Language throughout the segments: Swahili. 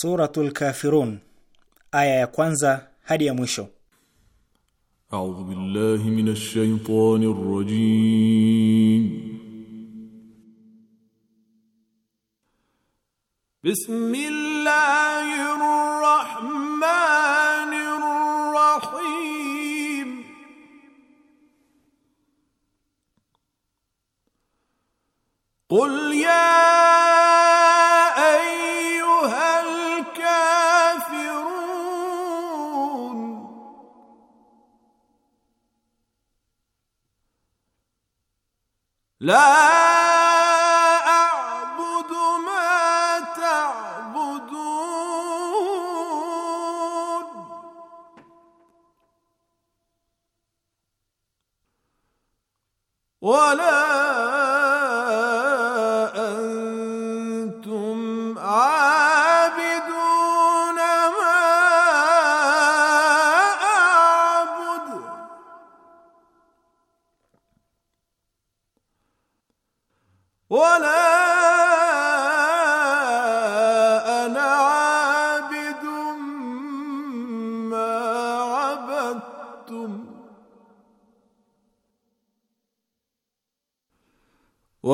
Suratul Kafirun aya ya kwanza hadi ya mwisho. A'udhu billahi minash shaitanir rajim. Bismillah La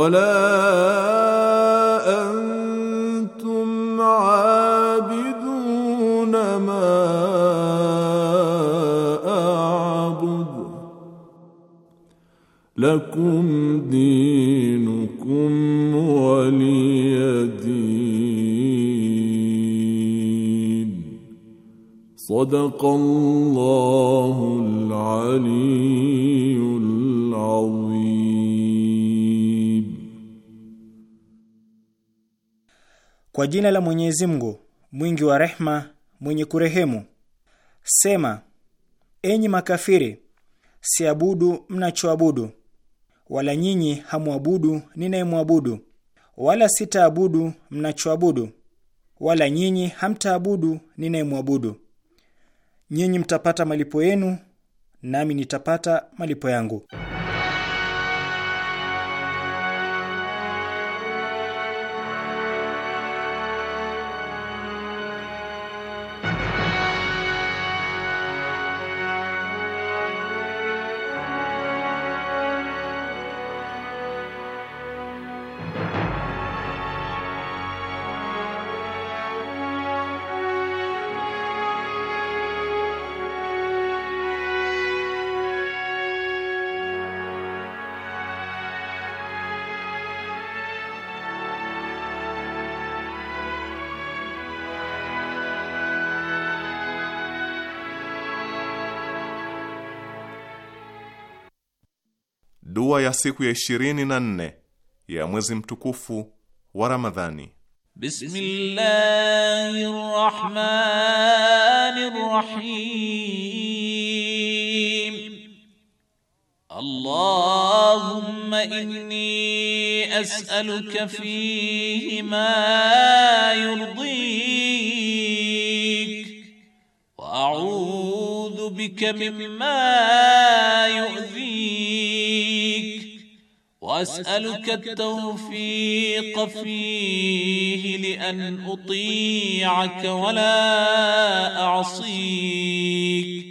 ولا jina la Mwenyezi Mungu mwingi wa rehma mwenye kurehemu. Sema, enyi makafiri, siabudu mnachoabudu, wala nyinyi hamwabudu ninayemwabudu, wala sitaabudu mnachoabudu, wala nyinyi hamtaabudu ninayemwabudu. Nyinyi mtapata malipo yenu, nami nitapata malipo yangu. ya siku ya ishirini na nne ya mwezi mtukufu wa Ramadhani. Bismillahir Rahmanir Rahim. Allahumma inni as'aluka fihi ma yurdik wa a'udhu bika mimma yu'dhik واسالك التوفيق فيه لان اطيعك ولا اعصيك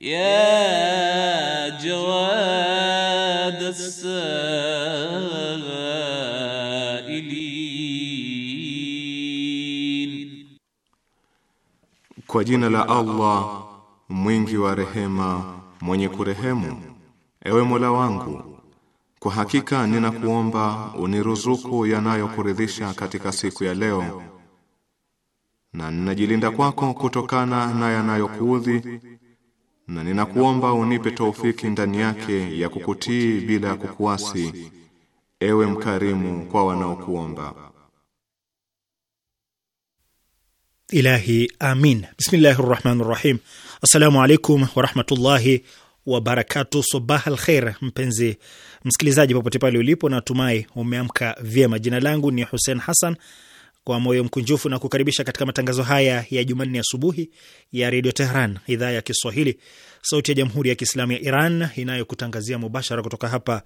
يا جواد السائلين كوجين لا الله مينجي ورحمه مونيكو رحمه ايوه مولا وانكو Kwa hakika ninakuomba uniruzuku yanayokuridhisha katika siku ya leo, na ninajilinda kwako kutokana na yanayokuudhi, na ninakuomba unipe taufiki ndani yake ya kukutii bila ya kukuasi, ewe mkarimu kwa wanaokuomba. Ilahi, amin. Bismillahir rahmanir rahim. Assalamu alaikum warahmatullahi wabarakatu. Sabah al mpenzi msikilizaji, popote pale ulipo, natumai umeamka vyema. Jina langu ni Hussein Hassan, kwa moyo mkunjufu na kukaribisha katika matangazo haya ya Jumanne asubuhi ya redio Tehran, idhaa ya Kiswahili, sauti ya jamhuri ya kiislamu ya Iran inayokutangazia mubashara kutoka hapa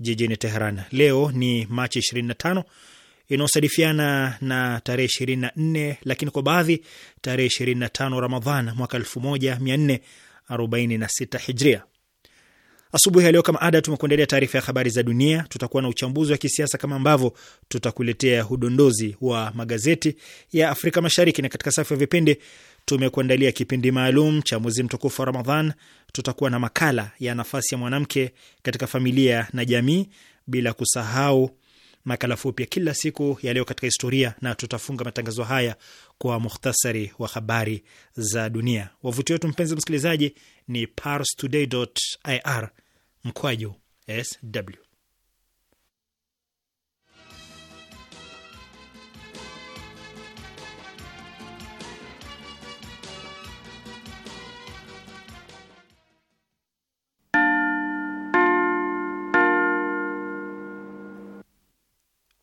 jijini Tehran. Leo ni Machi 25 inaosadifiana na tarehe nne lakini kwa baadhi tarehe tano Ramadhan mwaka nne 46 hijria. Asubuhi ya leo kama ada, tumekuendelea taarifa ya habari za dunia, tutakuwa na uchambuzi wa kisiasa kama ambavyo tutakuletea udondozi wa magazeti ya Afrika Mashariki, na katika safu ya vipindi tumekuandalia kipindi maalum cha mwezi mtukufu wa Ramadhan. Tutakuwa na makala ya nafasi ya mwanamke katika familia na jamii, bila kusahau makala fupi ya kila siku ya leo katika historia, na tutafunga matangazo haya kwa muhtasari wa habari za dunia. Wavuti wetu mpenzi msikilizaji ni parstoday.ir mkwaju sw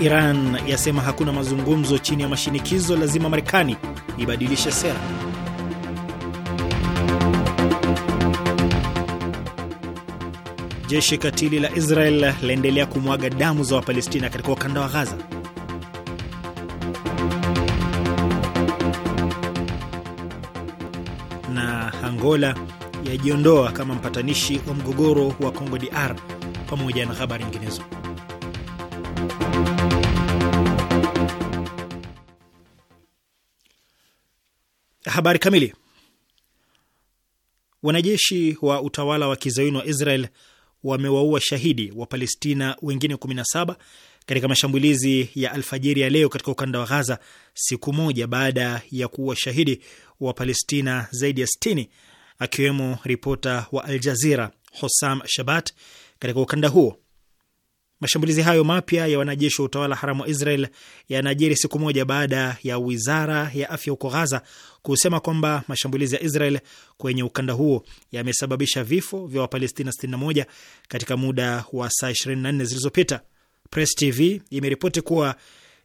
Iran yasema hakuna mazungumzo chini ya mashinikizo, lazima Marekani ibadilishe sera. Jeshi katili la Israel laendelea kumwaga damu za Wapalestina katika ukanda wa Gaza. Na Angola yajiondoa kama mpatanishi wa mgogoro wa Kongo DR, pamoja na habari nyinginezo. Habari kamili. Wanajeshi wa utawala wa kizayuni wa Israel wamewaua shahidi wa Palestina wengine 17 katika mashambulizi ya alfajiri ya leo katika ukanda wa Ghaza, siku moja baada ya kuua shahidi wa Palestina zaidi ya 60 akiwemo ripota wa Al Jazira Hosam Shabat katika ukanda huo. Mashambulizi hayo mapya ya wanajeshi wa utawala haramu wa Israel yanajiri siku moja baada ya wizara ya afya huko Ghaza kusema kwamba mashambulizi ya Israel kwenye ukanda huo yamesababisha vifo vya Wapalestina 61 katika muda wa saa 24 zilizopita. Press TV imeripoti kuwa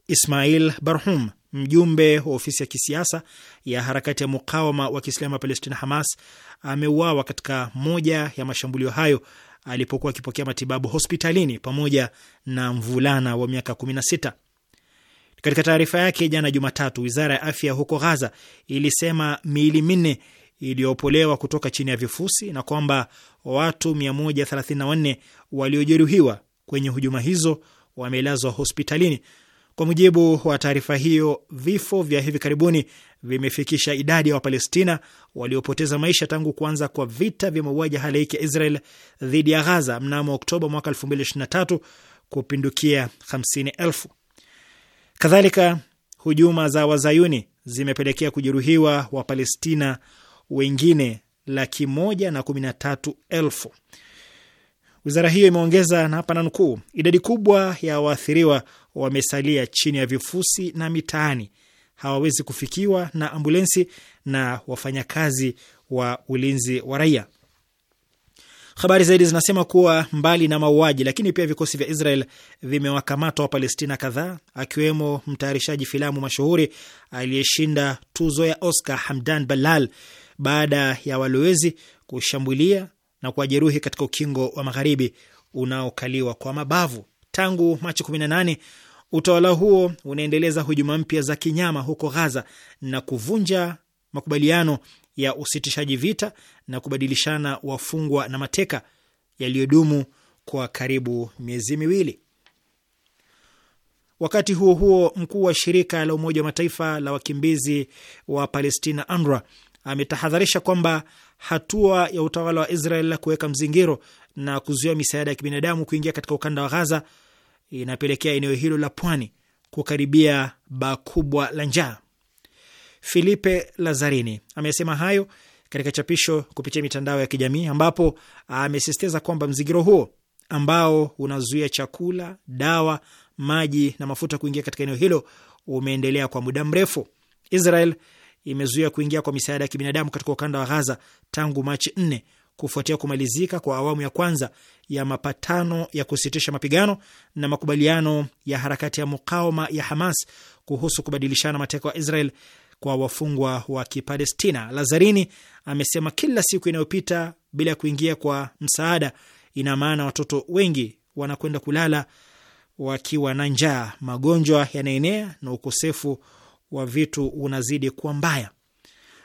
Ismail Barhum, mjumbe wa ofisi ya kisiasa ya harakati ya mukawama wa Kiislamu ya Palestina, Hamas, ameuawa katika moja ya mashambulio hayo alipokuwa akipokea matibabu hospitalini pamoja na mvulana wa miaka 16. Katika taarifa yake jana Jumatatu, wizara ya afya huko Ghaza ilisema miili minne iliyopolewa kutoka chini ya vifusi na kwamba watu 134 waliojeruhiwa kwenye hujuma hizo wamelazwa hospitalini. Kwa mujibu wa taarifa hiyo, vifo vya hivi karibuni vimefikisha idadi ya Wapalestina waliopoteza maisha tangu kuanza kwa vita vya mauaji halaiki ya Israel dhidi ya Ghaza mnamo Oktoba mwaka 2023 kupindukia 50,000. Kadhalika, hujuma za wazayuni zimepelekea kujeruhiwa Wapalestina wengine laki moja na kumi na tatu elfu. Wizara hiyo imeongeza na hapa nanukuu, idadi kubwa ya waathiriwa wamesalia chini ya vifusi na mitaani, hawawezi kufikiwa na ambulensi na wafanyakazi wa ulinzi wa raia. Habari zaidi zinasema kuwa mbali na mauaji, lakini pia vikosi vya Israel vimewakamata Wapalestina kadhaa akiwemo mtayarishaji filamu mashuhuri aliyeshinda tuzo ya Oscar Hamdan Balal baada ya walowezi kushambulia na kuwajeruhi katika ukingo wa magharibi unaokaliwa kwa mabavu. Tangu Machi 18 utawala huo unaendeleza hujuma mpya za kinyama huko Ghaza na kuvunja makubaliano ya usitishaji vita na kubadilishana wafungwa na mateka yaliyodumu kwa karibu miezi miwili. Wakati huo huo, mkuu wa shirika la Umoja wa Mataifa la wakimbizi wa Palestina, UNRWA, ametahadharisha kwamba hatua ya utawala wa Israel kuweka mzingiro na kuzuia misaada ya kibinadamu kuingia katika ukanda wa Ghaza inapelekea eneo hilo la pwani kukaribia baa kubwa la njaa. Filipe Lazarini amesema hayo katika chapisho kupitia mitandao ya kijamii ambapo amesisitiza kwamba mzingiro huo ambao unazuia chakula, dawa, maji na mafuta kuingia katika eneo hilo umeendelea kwa muda mrefu. Israel imezuia kuingia kwa misaada ya kibinadamu katika ukanda wa gaza tangu Machi 4 kufuatia kumalizika kwa awamu ya kwanza ya mapatano ya kusitisha mapigano na makubaliano ya harakati ya mukawama ya Hamas kuhusu kubadilishana mateka wa Israel kwa wafungwa wa Kipalestina. Lazarini amesema kila siku inayopita bila ya kuingia kwa msaada ina maana watoto wengi wanakwenda kulala wakiwa na njaa, magonjwa yanaenea na ukosefu wa vitu unazidi kuwa mbaya.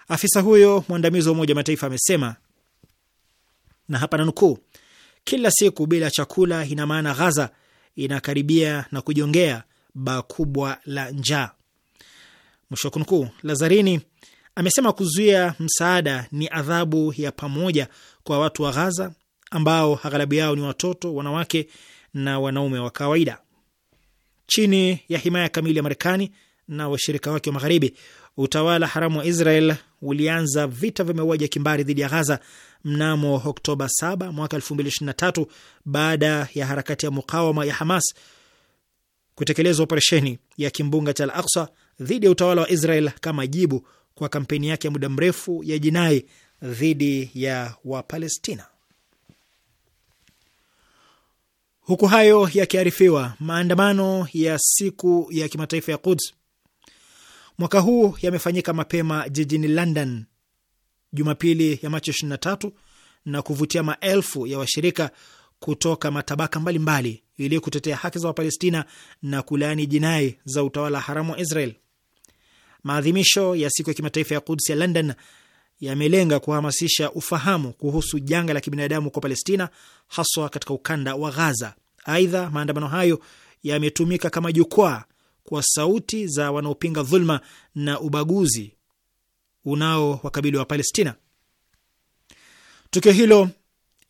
Afisa huyo mwandamizi wa Umoja Mataifa amesema na hapa nukuu, kila siku bila chakula ina maana Ghaza inakaribia na kujongea baa kubwa la njaa. Mwisho wa kunukuu. Lazarini amesema kuzuia msaada ni adhabu ya pamoja kwa watu wa Ghaza ambao aghalabu yao ni watoto, wanawake na wanaume wa kawaida. Chini ya himaya kamili ya Marekani na washirika wake wa Magharibi, utawala haramu wa Israel ulianza vita vya mauaji ya kimbari dhidi ya Ghaza mnamo Oktoba 7 mwaka 2023 baada ya harakati ya mukawama ya Hamas kutekeleza operesheni ya kimbunga cha Al Aksa dhidi ya utawala wa Israel kama jibu kwa kampeni yake ya muda mrefu ya jinai dhidi ya Wapalestina. Huku hayo yakiarifiwa, maandamano ya siku ya kimataifa ya Quds mwaka huu yamefanyika mapema jijini London Jumapili ya Machi 23 na kuvutia maelfu ya washirika kutoka matabaka mbalimbali ili kutetea haki za Wapalestina na kulaani jinai za utawala haramu wa Israel. Maadhimisho ya siku ya kimataifa ya Kudsi ya London yamelenga kuhamasisha ufahamu kuhusu janga la kibinadamu kwa Palestina, haswa katika ukanda wa Ghaza. Aidha, maandamano hayo yametumika kama jukwaa kwa sauti za wanaopinga dhulma na ubaguzi unao wakabili wa Palestina. Tukio hilo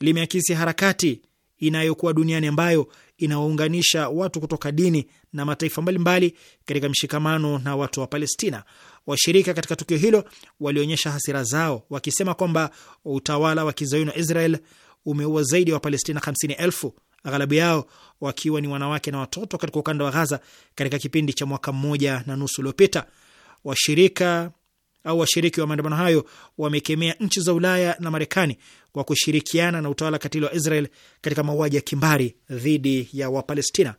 limeakisi harakati inayokuwa duniani ambayo inawaunganisha watu kutoka dini na mataifa mbalimbali katika mshikamano na watu wa Palestina. Washirika katika tukio hilo walionyesha hasira zao wakisema kwamba utawala wa kizayuni wa Israel umeua zaidi ya Wapalestina 5 aghalabu yao wakiwa ni wanawake na watoto katika ukanda wa Ghaza katika kipindi cha mwaka mmoja na nusu uliopita. Washirika au washiriki wa maandamano hayo wamekemea nchi za Ulaya na Marekani kwa kushirikiana na utawala katili wa Israel katika mauaji ya kimbari dhidi ya Wapalestina.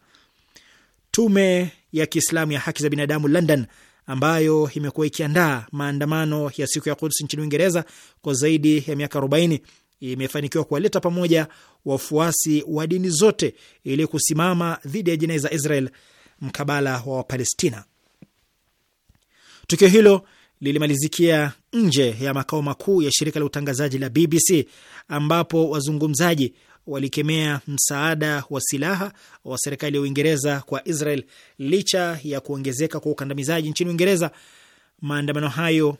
Tume ya Kiislamu ya Haki za Binadamu London, ambayo imekuwa ikiandaa maandamano ya siku ya Quds nchini Uingereza kwa zaidi ya miaka 40 imefanikiwa kuwaleta pamoja wafuasi wa dini zote ili kusimama dhidi ya jinai za Israel mkabala wa Wapalestina. Tukio hilo lilimalizikia nje ya makao makuu ya shirika la utangazaji la BBC ambapo wazungumzaji walikemea msaada wa silaha wa serikali ya Uingereza kwa Israel licha ya kuongezeka kwa ukandamizaji nchini Uingereza. Maandamano hayo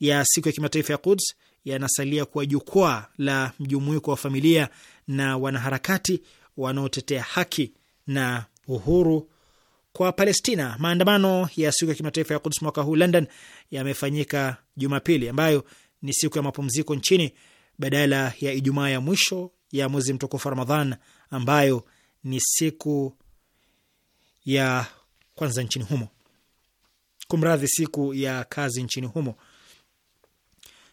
ya siku ya kimataifa ya Quds yanasalia kuwa jukwaa la mjumuiko wa familia na wanaharakati wanaotetea haki na uhuru kwa Palestina. Maandamano ya siku ya kimataifa ya Kuds mwaka huu London yamefanyika Jumapili, ambayo ni siku ya mapumziko nchini badala ya Ijumaa ya mwisho ya mwezi mtukufu Ramadhan, ambayo ni siku ya kwanza nchini humo, kumradhi, siku ya kazi nchini humo.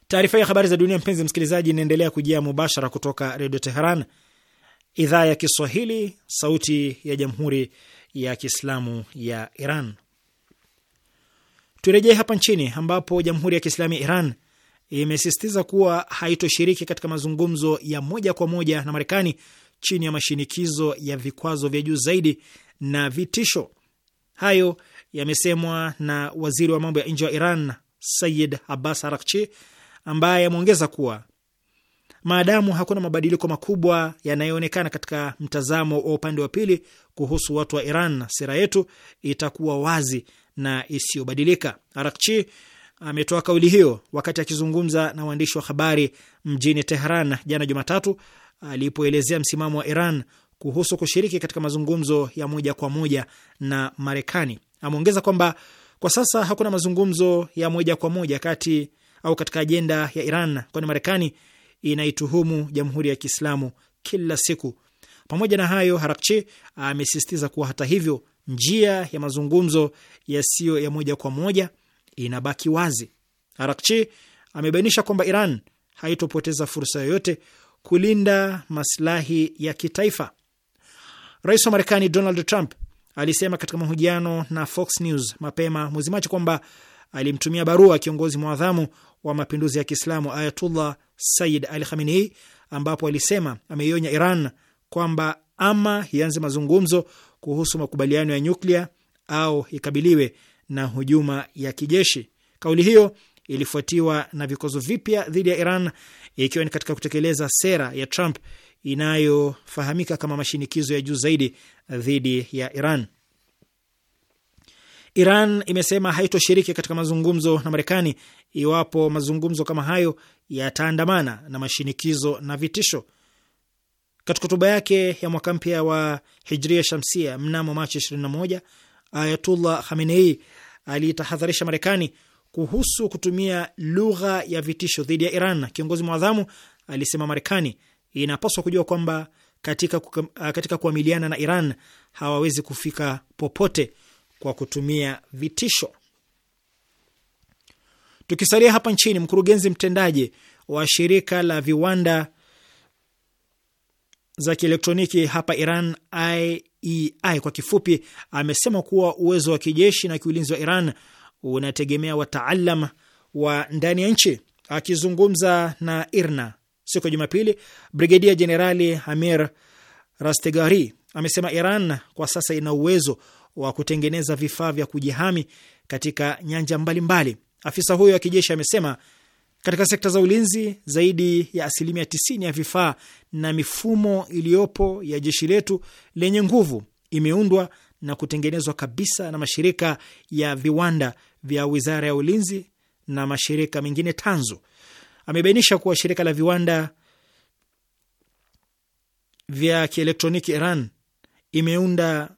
Taarifa ya habari za dunia, mpenzi msikilizaji, inaendelea kujia mubashara kutoka Redio Teheran, idhaa ya Kiswahili, sauti ya jamhuri ya Kiislamu ya Iran. Turejee hapa nchini ambapo Jamhuri ya Kiislamu ya Iran imesisitiza kuwa haitoshiriki katika mazungumzo ya moja kwa moja na Marekani chini ya mashinikizo ya vikwazo vya juu zaidi na vitisho. Hayo yamesemwa na waziri wa mambo ya nje wa Iran Sayid Abbas Arakchi, ambaye ameongeza kuwa maadamu hakuna mabadiliko makubwa yanayoonekana katika mtazamo wa upande wa pili kuhusu watu wa Iran, sera yetu itakuwa wazi na isiyobadilika. Arakchi ametoa kauli hiyo wakati akizungumza na waandishi wa habari mjini Tehran jana Jumatatu, alipoelezea msimamo wa Iran kuhusu kushiriki katika mazungumzo ya moja kwa moja na Marekani. Ameongeza kwamba kwa sasa hakuna mazungumzo ya moja kwa moja kati au katika ajenda ya Iran, kwani Marekani inaituhumu Jamhuri ya Kiislamu kila siku. Pamoja na hayo, Harakchi amesisitiza kuwa hata hivyo, njia ya mazungumzo yasiyo ya moja kwa moja inabaki wazi. Harakchi amebainisha kwamba Iran haitopoteza fursa yoyote kulinda maslahi ya kitaifa. Rais wa Marekani Donald Trump alisema katika mahojiano na Fox News mapema mwezi Machi kwamba alimtumia barua kiongozi mwadhamu wa mapinduzi ya Kiislamu Ayatullah Sayyid Ali Khamenei, ambapo alisema ameionya Iran kwamba ama ianze mazungumzo kuhusu makubaliano ya nyuklia au ikabiliwe na hujuma ya kijeshi. Kauli hiyo ilifuatiwa na vikwazo vipya dhidi ya Iran ikiwa ni katika kutekeleza sera ya Trump inayofahamika kama mashinikizo ya juu zaidi dhidi ya Iran. Iran imesema haitoshiriki katika mazungumzo na Marekani iwapo mazungumzo kama hayo yataandamana na mashinikizo na vitisho. Katika hotuba yake ya mwaka mpya wa Hijria Shamsia mnamo Machi 21, Ayatullah Khamenei aliitahadharisha Marekani kuhusu kutumia lugha ya vitisho dhidi ya Iran. Kiongozi mwadhamu alisema Marekani inapaswa kujua kwamba katika, katika kuamiliana na Iran hawawezi kufika popote kwa kutumia vitisho. Tukisalia hapa nchini, mkurugenzi mtendaji wa shirika la viwanda za kielektroniki hapa Iran, IEI e kwa kifupi, amesema kuwa uwezo wa kijeshi na kiulinzi wa Iran unategemea wataalam wa ndani ya nchi. Akizungumza na IRNA siku ya Jumapili, brigedia jenerali Amir Rastegari amesema Iran kwa sasa ina uwezo wa kutengeneza vifaa vya kujihami katika nyanja mbalimbali mbali. Afisa huyo wa kijeshi amesema katika sekta za ulinzi zaidi ya asilimia tisini ya vifaa na mifumo iliyopo ya jeshi letu lenye nguvu imeundwa na kutengenezwa kabisa na mashirika ya viwanda vya Wizara ya Ulinzi na mashirika mengine tanzu. Amebainisha kuwa shirika la viwanda vya kielektroniki Iran imeunda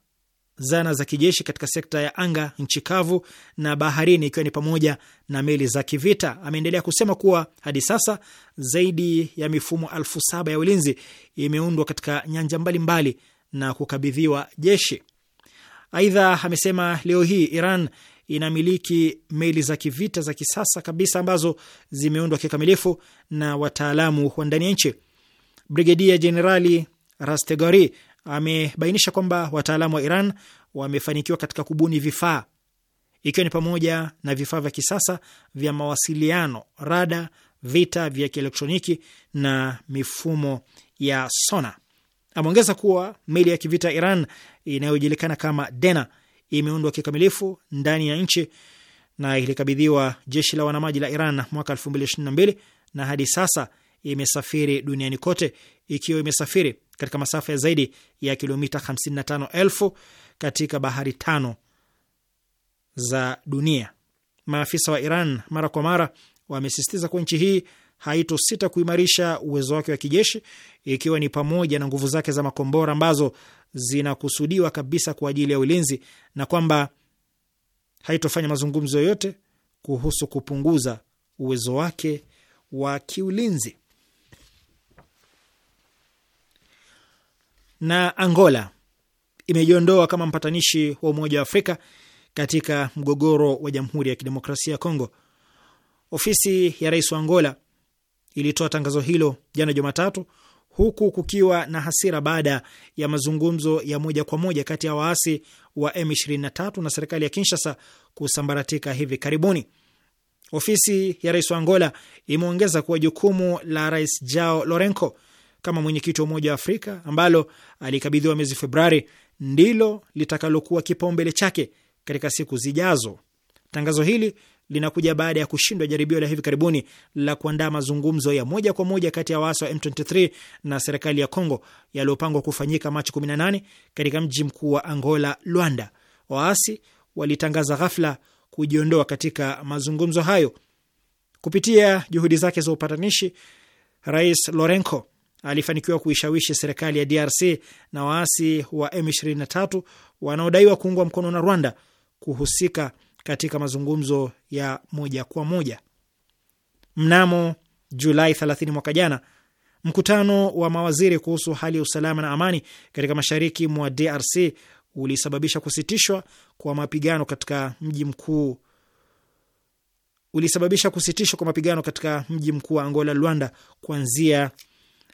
zana za kijeshi katika sekta ya anga, nchi kavu na baharini, ikiwa ni pamoja na meli za kivita. Ameendelea kusema kuwa hadi sasa zaidi ya mifumo elfu saba ya ulinzi imeundwa katika nyanja mbalimbali mbali na kukabidhiwa jeshi. Aidha, amesema leo hii Iran inamiliki meli za kivita za kisasa kabisa ambazo zimeundwa kikamilifu na wataalamu wa ndani ya nchi. Brigedia Jenerali Rastegari amebainisha kwamba wataalamu wa Iran wamefanikiwa katika kubuni vifaa ikiwa ni pamoja na vifaa vya kisasa vya mawasiliano, rada, vita vya kielektroniki na mifumo ya sona. Ameongeza kuwa meli ya kivita Iran inayojulikana kama Dena imeundwa kikamilifu ndani ya nchi na ilikabidhiwa jeshi la wanamaji la Iran mwaka 2022 na hadi sasa imesafiri duniani kote ikiwa imesafiri katika masafa ya zaidi ya kilomita 55,000 katika bahari tano za dunia. Maafisa wa Iran mara kwa mara wamesisitiza kuwa nchi hii haitosita kuimarisha uwezo wake wa kijeshi, ikiwa ni pamoja na nguvu zake za makombora ambazo zinakusudiwa kabisa kwa ajili ya ulinzi, na kwamba haitofanya mazungumzo yoyote kuhusu kupunguza uwezo wake wa kiulinzi. na Angola imejiondoa kama mpatanishi wa Umoja wa Afrika katika mgogoro wa Jamhuri ya Kidemokrasia ya Kongo. Ofisi ya rais wa Angola ilitoa tangazo hilo jana Jumatatu, huku kukiwa na hasira baada ya mazungumzo ya moja kwa moja kati ya waasi wa M23 na serikali ya Kinshasa kusambaratika hivi karibuni. Ofisi ya rais wa Angola imeongeza kuwa jukumu la Rais Jao Lorenko kama mwenyekiti wa Umoja wa Afrika ambalo alikabidhiwa mwezi Februari ndilo litakalokuwa kipaumbele chake katika siku zijazo. Tangazo hili linakuja baada ya kushindwa jaribio la hivi karibuni la kuandaa mazungumzo ya moja kwa moja kati ya waasi wa M23 na serikali ya Congo yaliyopangwa kufanyika Machi 18 katika mji mkuu wa Angola, Luanda. Waasi walitangaza ghafla kujiondoa katika mazungumzo hayo. Kupitia juhudi zake za upatanishi, Rais Lorenco alifanikiwa kuishawishi serikali ya DRC na waasi wa M23 wanaodaiwa kuungwa mkono na Rwanda kuhusika katika mazungumzo ya moja kwa moja. Mnamo Julai 30 mwaka jana, mkutano wa mawaziri kuhusu hali ya usalama na amani katika mashariki mwa DRC ulisababisha kusitishwa kwa mapigano katika mji mkuu ulisababisha kusitishwa kwa mapigano katika mji mkuu wa Angola, Luanda, kuanzia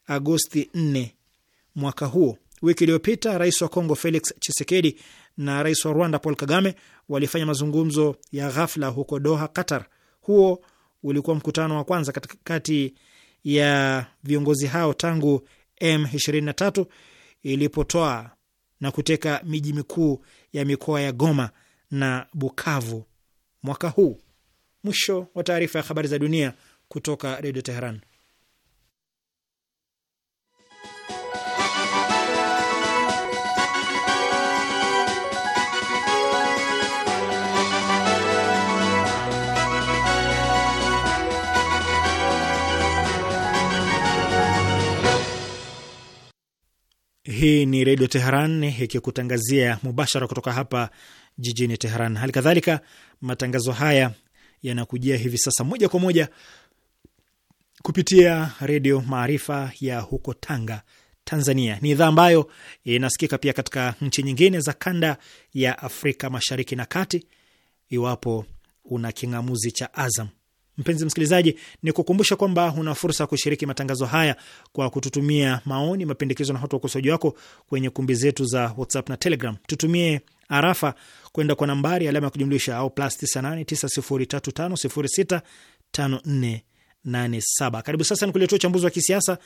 Agosti 4 mwaka huo. Wiki iliyopita rais wa Kongo Felix Tshisekedi na rais wa Rwanda Paul Kagame walifanya mazungumzo ya ghafla huko Doha, Qatar. Huo ulikuwa mkutano wa kwanza kati ya viongozi hao tangu M23 ilipotoa na kuteka miji mikuu ya mikoa ya Goma na Bukavu mwaka huu. Mwisho wa taarifa ya habari za dunia kutoka Redio Teheran. Hii ni Redio Teheran ikikutangazia mubashara kutoka hapa jijini Teheran. Hali kadhalika matangazo haya yanakujia hivi sasa moja kwa moja kupitia Redio Maarifa ya huko Tanga, Tanzania. Ni idhaa ambayo inasikika pia katika nchi nyingine za kanda ya Afrika Mashariki na Kati, iwapo una king'amuzi cha Azam. Mpenzi msikilizaji, ni kukumbusha kwamba una fursa ya kushiriki matangazo haya kwa kututumia maoni, mapendekezo na hata ukosoaji wako kwenye kumbi zetu za WhatsApp na Telegram. Tutumie arafa kwenda kwa nambari alama ya kujumlisha au plus 989035065487. Karibu sasa ni kuletea uchambuzi wa kisiasa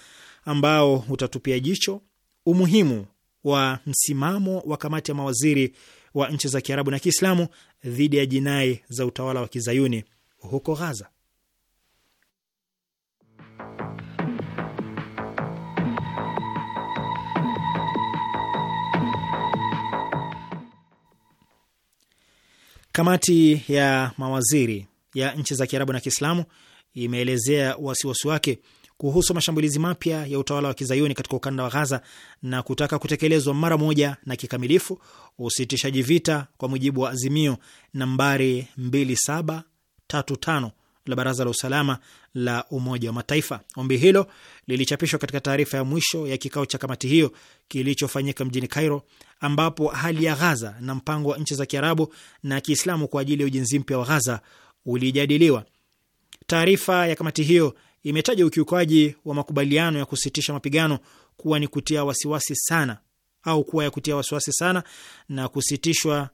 ambao utatupia jicho umuhimu wa msimamo wa kamati ya mawaziri wa nchi za Kiarabu na Kiislamu dhidi ya jinai za utawala wa kizayuni huko Ghaza. Kamati ya mawaziri ya nchi za Kiarabu na Kiislamu imeelezea wasiwasi wake kuhusu mashambulizi mapya ya utawala wa kizayuni katika ukanda wa Ghaza na kutaka kutekelezwa mara moja na kikamilifu usitishaji vita kwa mujibu wa azimio nambari 2735 la Baraza la Usalama la Umoja wa Mataifa. Ombi hilo lilichapishwa katika taarifa ya mwisho ya kikao cha kamati hiyo kilichofanyika mjini Cairo, ambapo hali ya Ghaza na mpango wa nchi za Kiarabu na Kiislamu kwa ajili ya ujenzi mpya wa Ghaza ulijadiliwa. Taarifa ya kamati hiyo imetaja ukiukaji wa makubaliano ya kusitisha mapigano kuwa ni kutia wasiwasi sana au kuwa ya kutia wasiwasi sana na kusitishwa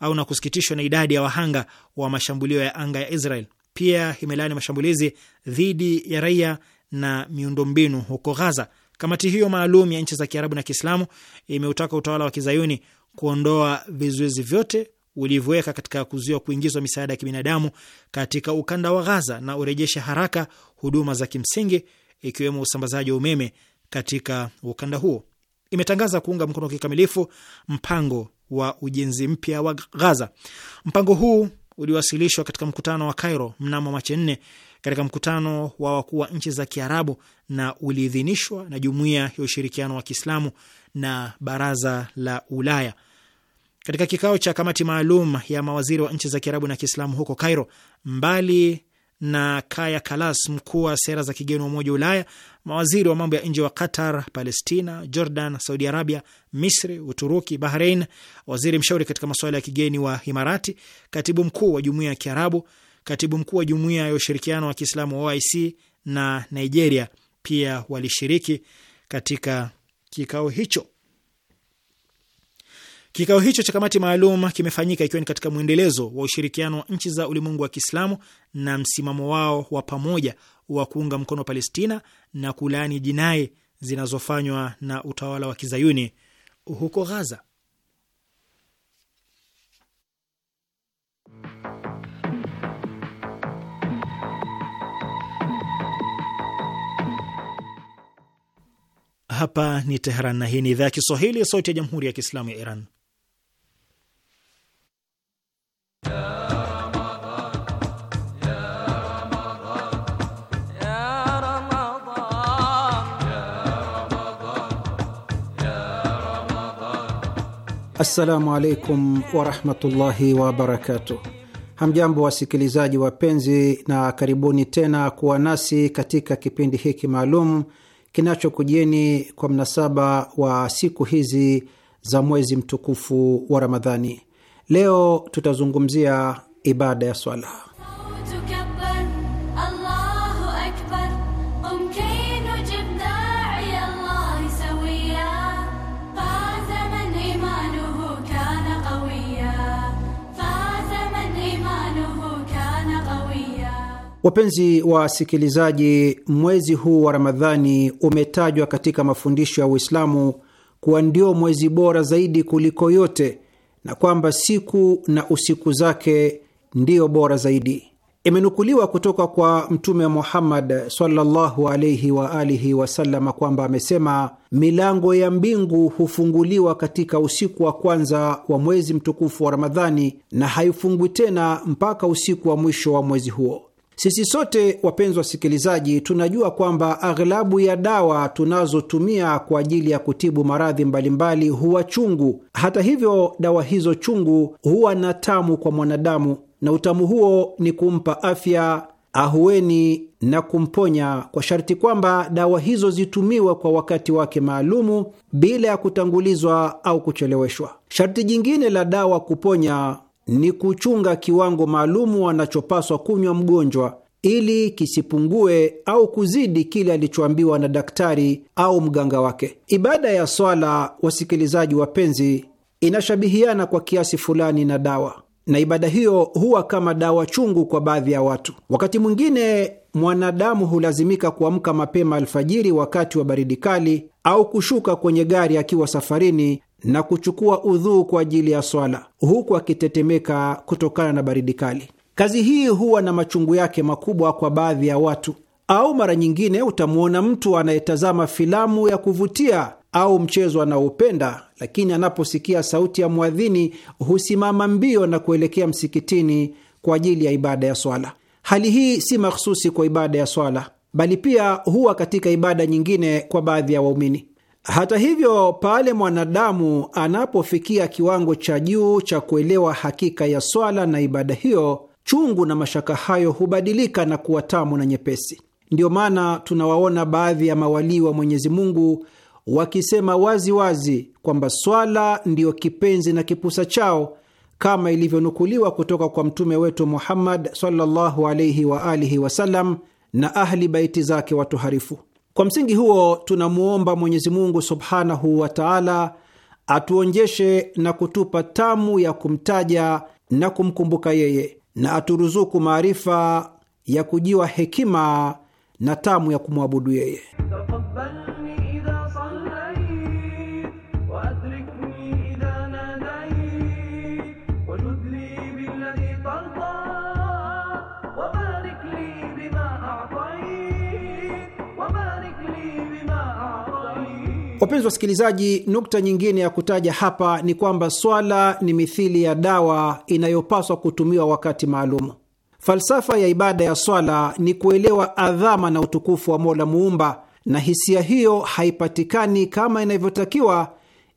au na kusikitishwa na idadi ya wahanga wa mashambulio ya anga ya Israel pia imelaani mashambulizi dhidi ya raia na miundombinu huko Ghaza. Kamati hiyo maalum ya nchi za Kiarabu na Kiislamu imeutaka utawala wa kizayuni kuondoa vizuizi vyote ulivyoweka katika kuzuia kuingizwa misaada ya kibinadamu katika ukanda wa Ghaza na urejeshe haraka huduma za kimsingi ikiwemo usambazaji wa umeme katika ukanda huo. Imetangaza kuunga mkono kikamilifu mpango wa ujenzi mpya wa Ghaza. Mpango huu uliwasilishwa katika mkutano wa Cairo mnamo Machi nne katika mkutano wa wakuu wa nchi za Kiarabu na uliidhinishwa na Jumuiya ya Ushirikiano wa Kiislamu na Baraza la Ulaya. Katika kikao cha kamati maalum ya mawaziri wa nchi za Kiarabu na Kiislamu huko Cairo, mbali na Kaya Kalas, mkuu wa sera za kigeni wa Umoja wa Ulaya, mawaziri wa mambo ya nje wa Qatar, Palestina, Jordan, Saudi Arabia, Misri, Uturuki, Bahrain, waziri mshauri katika masuala ya kigeni wa Imarati, katibu mkuu wa jumuia ya Kiarabu, katibu mkuu wa jumuia ya Ushirikiano wa Kiislamu wa OIC na Nigeria pia walishiriki katika kikao hicho. Kikao hicho cha kamati maalum kimefanyika ikiwa ni katika mwendelezo wa ushirikiano wa nchi za ulimwengu wa Kiislamu na msimamo wao wa pamoja wa kuunga mkono Palestina na kulaani jinai zinazofanywa na utawala wa kizayuni huko Ghaza. Hapa ni Teheran na hii ni idhaa ya Kiswahili, sauti ya jamhuri ya kiislamu ya Iran. Assalamu alaikum warahmatullahi wabarakatuh. Hamjambo wasikilizaji wapenzi, na karibuni tena kuwa nasi katika kipindi hiki maalum kinachokujieni kwa mnasaba wa siku hizi za mwezi mtukufu wa Ramadhani. Leo tutazungumzia ibada ya swala. Wapenzi wa wasikilizaji, mwezi huu wa Ramadhani umetajwa katika mafundisho ya Uislamu kuwa ndio mwezi bora zaidi kuliko yote na kwamba siku na usiku zake ndiyo bora zaidi. Imenukuliwa kutoka kwa Mtume Muhammad sallallahu alaihi wa alihi kwamba amesema, milango ya mbingu hufunguliwa katika usiku wa kwanza wa mwezi mtukufu wa Ramadhani na haifungwi tena mpaka usiku wa mwisho wa mwezi huo. Sisi sote wapenzi wasikilizaji, tunajua kwamba aghlabu ya dawa tunazotumia kwa ajili ya kutibu maradhi mbalimbali huwa chungu. Hata hivyo, dawa hizo chungu huwa na tamu kwa mwanadamu, na utamu huo ni kumpa afya, ahueni na kumponya, kwa sharti kwamba dawa hizo zitumiwe kwa wakati wake maalumu bila ya kutangulizwa au kucheleweshwa. Sharti jingine la dawa kuponya ni kuchunga kiwango maalumu anachopaswa kunywa mgonjwa ili kisipungue au kuzidi kile alichoambiwa na daktari au mganga wake. Ibada ya swala, wasikilizaji wapenzi, inashabihiana kwa kiasi fulani na dawa, na ibada hiyo huwa kama dawa chungu kwa baadhi ya watu. Wakati mwingine mwanadamu hulazimika kuamka mapema alfajiri wakati wa baridi kali au kushuka kwenye gari akiwa safarini na kuchukua udhuu kwa ajili ya swala huku akitetemeka kutokana na baridi kali. Kazi hii huwa na machungu yake makubwa kwa baadhi ya watu, au mara nyingine utamwona mtu anayetazama filamu ya kuvutia au mchezo anaoupenda, lakini anaposikia sauti ya mwadhini husimama mbio na kuelekea msikitini kwa ajili ya ibada ya swala. Hali hii si mahsusi kwa ibada ya swala, bali pia huwa katika ibada nyingine kwa baadhi ya waumini. Hata hivyo, pale mwanadamu anapofikia kiwango cha juu cha kuelewa hakika ya swala na ibada hiyo, chungu na mashaka hayo hubadilika na kuwa tamu na nyepesi. Ndiyo maana tunawaona baadhi ya mawalii wa Mwenyezi Mungu wakisema wazi wazi kwamba swala ndiyo kipenzi na kipusa chao kama ilivyonukuliwa kutoka kwa mtume wetu Muhammad sallallahu alaihi wa alihi wasallam na ahli baiti zake watuharifu kwa msingi huo tunamwomba Mwenyezi Mungu subhanahu wa taala atuonjeshe na kutupa tamu ya kumtaja na kumkumbuka yeye, na aturuzuku maarifa ya kujiwa hekima na tamu ya kumwabudu yeye. Wapenzi wasikilizaji, nukta nyingine ya kutaja hapa ni kwamba swala ni mithili ya dawa inayopaswa kutumiwa wakati maalumu. Falsafa ya ibada ya swala ni kuelewa adhama na utukufu wa Mola Muumba, na hisia hiyo haipatikani kama inavyotakiwa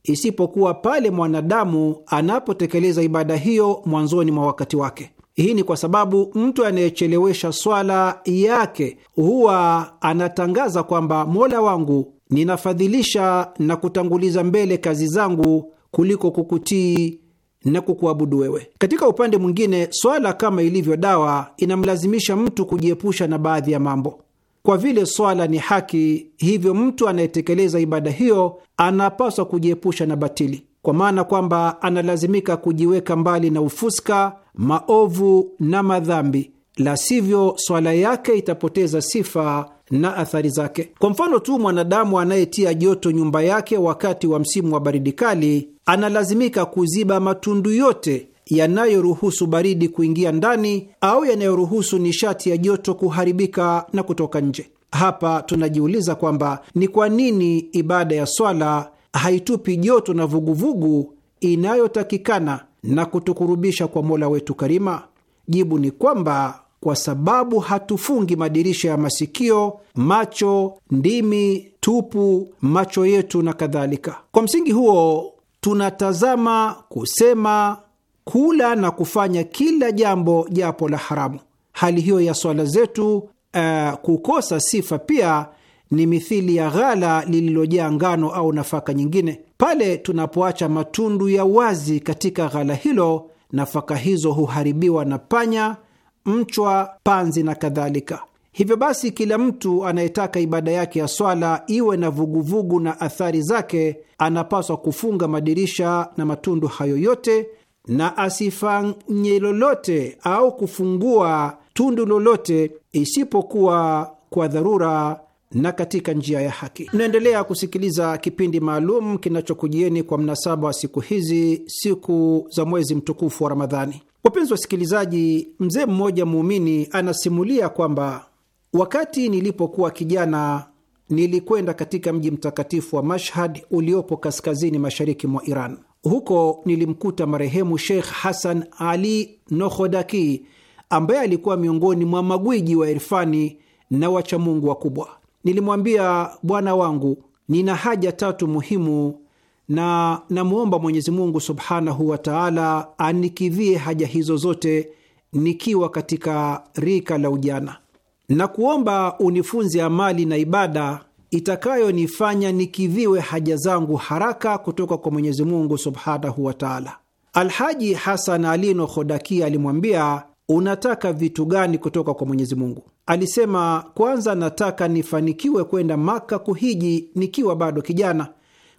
isipokuwa pale mwanadamu anapotekeleza ibada hiyo mwanzoni mwa wakati wake. Hii ni kwa sababu mtu anayechelewesha swala yake huwa anatangaza kwamba Mola wangu ninafadhilisha na kutanguliza mbele kazi zangu kuliko kukutii na kukuabudu wewe. Katika upande mwingine, swala kama ilivyo dawa inamlazimisha mtu kujiepusha na baadhi ya mambo. Kwa vile swala ni haki, hivyo mtu anayetekeleza ibada hiyo anapaswa kujiepusha na batili, kwa maana kwamba analazimika kujiweka mbali na ufuska, maovu na madhambi, la sivyo swala yake itapoteza sifa na athari zake. Kwa mfano tu, mwanadamu anayetia joto nyumba yake wakati wa msimu wa baridi kali analazimika kuziba matundu yote yanayoruhusu baridi kuingia ndani au yanayoruhusu nishati ya joto kuharibika na kutoka nje. Hapa tunajiuliza kwamba ni kwa nini ibada ya swala haitupi joto na vuguvugu inayotakikana na kutukurubisha kwa Mola wetu Karima. Jibu ni kwamba kwa sababu hatufungi madirisha ya masikio, macho, ndimi, tupu, macho yetu na kadhalika. Kwa msingi huo, tunatazama, kusema, kula na kufanya kila jambo japo la haramu. Hali hiyo ya swala zetu uh, kukosa sifa pia ni mithili ya ghala lililojaa ngano au nafaka nyingine. Pale tunapoacha matundu ya wazi katika ghala hilo, nafaka hizo huharibiwa na panya mchwa, panzi na kadhalika. Hivyo basi, kila mtu anayetaka ibada yake ya swala iwe na vuguvugu na athari zake anapaswa kufunga madirisha na matundu hayo yote na asifanye lolote au kufungua tundu lolote isipokuwa kwa dharura na katika njia ya haki. Mnaendelea kusikiliza kipindi maalum kinachokujieni kwa mnasaba wa siku hizi, siku za mwezi mtukufu wa Ramadhani. Wapenzi wasikilizaji, mzee mmoja muumini anasimulia kwamba wakati nilipokuwa kijana nilikwenda katika mji mtakatifu wa Mashhad uliopo kaskazini mashariki mwa Iran. Huko nilimkuta marehemu Sheikh Hasan Ali Nohodaki ambaye alikuwa miongoni mwa magwiji wa irfani na wachamungu wakubwa. Nilimwambia bwana wangu, nina haja tatu muhimu na namwomba Mwenyezi Mungu subhanahu wa taala anikidhie haja hizo zote nikiwa katika rika la ujana, na kuomba unifunze amali na ibada itakayonifanya nikidhiwe haja zangu haraka kutoka kwa Mwenyezi Mungu subhanahu wa taala. Alhaji Hasan Alino Khodakia alimwambia, unataka vitu gani kutoka kwa Mwenyezi Mungu? Alisema, kwanza nataka nifanikiwe kwenda Maka kuhiji nikiwa bado kijana,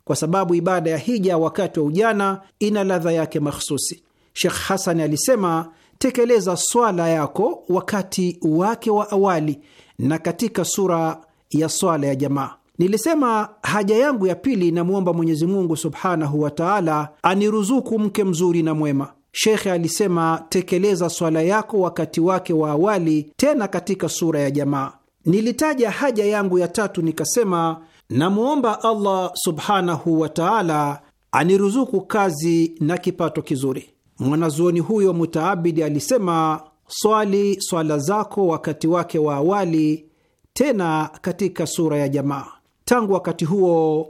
kwa sababu ibada ya hija wakati wa ujana ina ladha yake mahsusi. shekh Hasani alisema, tekeleza swala yako wakati wake wa awali na katika sura ya swala ya jamaa. Nilisema haja yangu ya pili, namwomba Mwenyezi Mungu subhanahu wa taala aniruzuku mke mzuri na mwema Shekhe alisema, tekeleza swala yako wakati wake wa awali, tena katika sura ya jamaa. Nilitaja haja yangu ya tatu, nikasema namwomba Allah subhanahu wa taala aniruzuku kazi na kipato kizuri. Mwanazuoni huyo mutaabidi alisema, swali swala zako wakati wake wa awali, tena katika sura ya jamaa. Tangu wakati huo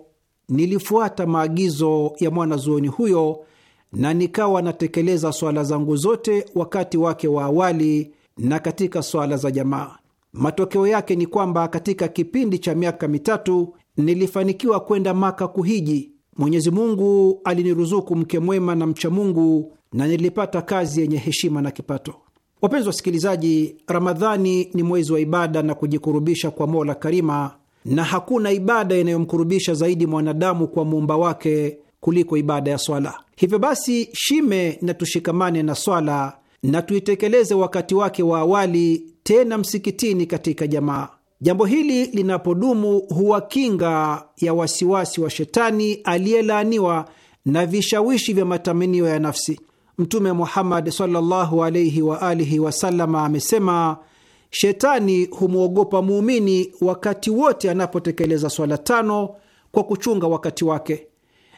nilifuata maagizo ya mwanazuoni huyo na nikawa natekeleza swala zangu zote wakati wake wa awali na katika swala za jamaa. Matokeo yake ni kwamba katika kipindi cha miaka mitatu nilifanikiwa kwenda Maka kuhiji. Mwenyezi Mungu aliniruzuku mke mwema na mcha Mungu na nilipata kazi yenye heshima na kipato. Wapenzi wasikilizaji, Ramadhani ni mwezi wa ibada na kujikurubisha kwa Mola Karima, na hakuna ibada inayomkurubisha zaidi mwanadamu kwa muumba wake kuliko ibada ya swala. Hivyo basi, shime na tushikamane na swala na tuitekeleze wakati wake wa awali, tena msikitini, katika jamaa. Jambo hili linapodumu huwa kinga ya wasiwasi wa shetani aliyelaaniwa na vishawishi vya matamanio ya nafsi. Mtume Muhammad sallallahu wa alihi wasallama amesema, shetani humwogopa muumini wakati wote anapotekeleza swala tano kwa kuchunga wakati wake.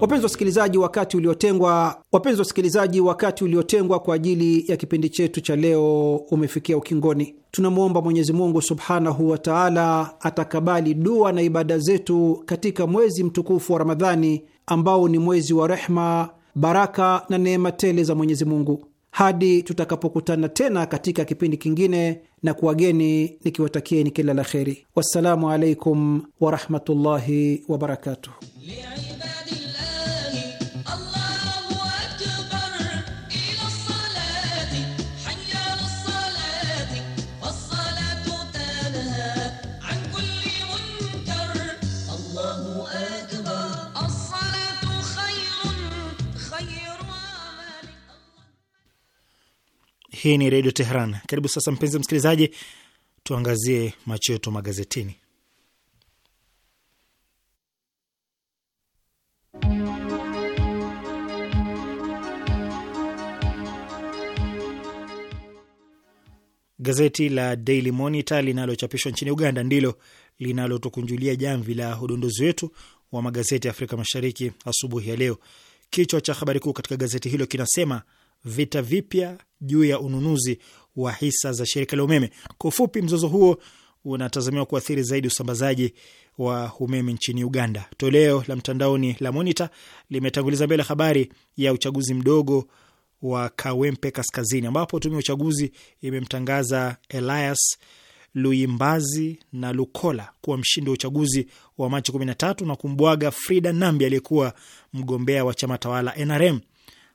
Wapenzi wasikilizaji, wakati uliotengwa wapenzi wasikilizaji, wakati uliotengwa kwa ajili ya kipindi chetu cha leo umefikia ukingoni. Tunamwomba Mwenyezi Mungu subhanahu wa taala atakabali dua na ibada zetu katika mwezi mtukufu wa Ramadhani ambao ni mwezi wa rehma, baraka na neema tele za Mwenyezi Mungu. Hadi tutakapokutana tena katika kipindi kingine na kuwageni nikiwatakieni kila la kheri. Wassalamu alaikum warahmatullahi wabarakatuh. Hii ni Redio teheran Karibu sasa, mpenzi msikilizaji, tuangazie macho yetu magazetini. Gazeti la Daily Monitor linalochapishwa nchini Uganda ndilo linalotukunjulia jamvi la udondozi wetu wa magazeti ya Afrika Mashariki asubuhi ya leo. Kichwa cha habari kuu katika gazeti hilo kinasema vita vipya juu ya ununuzi wa hisa za shirika la umeme. Kwa ufupi, mzozo huo unatazamiwa kuathiri zaidi usambazaji wa umeme nchini Uganda. Toleo la mtandaoni la Monitor limetanguliza mbele habari ya uchaguzi mdogo wa Kawempe Kaskazini, ambapo tume ya uchaguzi imemtangaza Elias Luimbazi na Lukola kuwa mshindi wa uchaguzi wa Machi 13 na kumbwaga Frida Nambi aliyekuwa mgombea wa chama tawala NRM.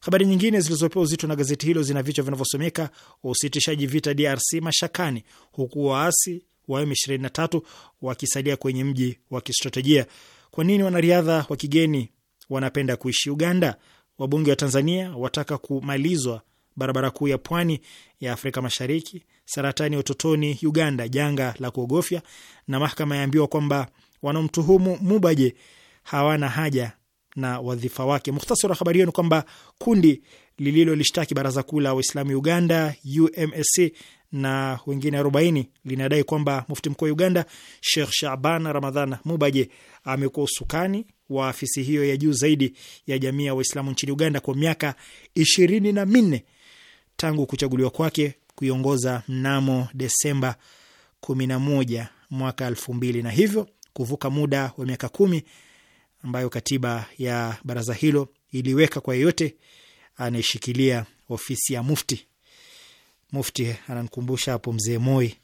Habari nyingine zilizopewa uzito na gazeti hilo zina vichwa vinavyosomeka usitishaji vita DRC mashakani, huku waasi wa M23 wakisalia kwenye mji wa kistratejia, kwa nini wanariadha wa kigeni wanapenda kuishi Uganda, wabunge wa Tanzania wataka kumalizwa barabara kuu ya pwani ya Afrika Mashariki, saratani ya utotoni Uganda janga la kuogofya, na mahakama yaambiwa kwamba wanaomtuhumu Mubaje hawana haja na wadhifa wake. Mukhtasari wa habari hiyo ni kwamba kundi lililolishtaki baraza kuu la Waislamu Uganda UMSC na wengine 40 linadai kwamba mufti mkuu wa Uganda Sheikh Shaban Ramadhan Mubaje amekuwa usukani wa afisi hiyo ya juu zaidi ya jamii ya Waislamu nchini Uganda kwa miaka ishirini na minne tangu kuchaguliwa kwake kuiongoza mnamo Desemba 11 mwaka elfu mbili na hivyo kuvuka muda wa miaka kumi ambayo katiba ya baraza hilo iliweka kwa yeyote anayeshikilia ofisi ya mufti. Mufti ananikumbusha hapo mzee Moi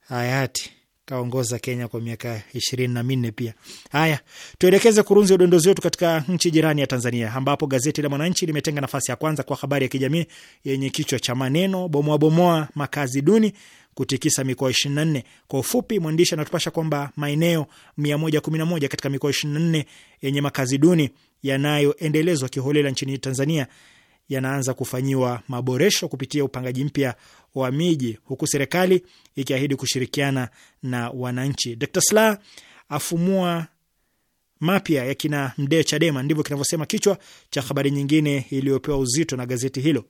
hayati kaongoza Kenya kwa miaka ishirini na minne. Pia haya, tuelekeze kurunzi ya udondozi wetu katika nchi jirani ya Tanzania, ambapo gazeti la Mwananchi limetenga nafasi ya kwanza kwa habari ya kijamii yenye kichwa cha maneno bomoa bomoa makazi duni kutikisa mikoa 24. Kwa ufupi, mwandishi anatupasha kwamba maeneo 111 katika mikoa 24 yenye makazi duni yanayoendelezwa kiholela nchini Tanzania yanaanza kufanyiwa maboresho kupitia upangaji mpya wa miji, huku serikali ikiahidi kushirikiana na wananchi. Dr. Slaa afumua mapya ya kina Mdee Chadema, ndivyo kinavyosema kichwa cha habari nyingine iliyopewa uzito na gazeti hilo.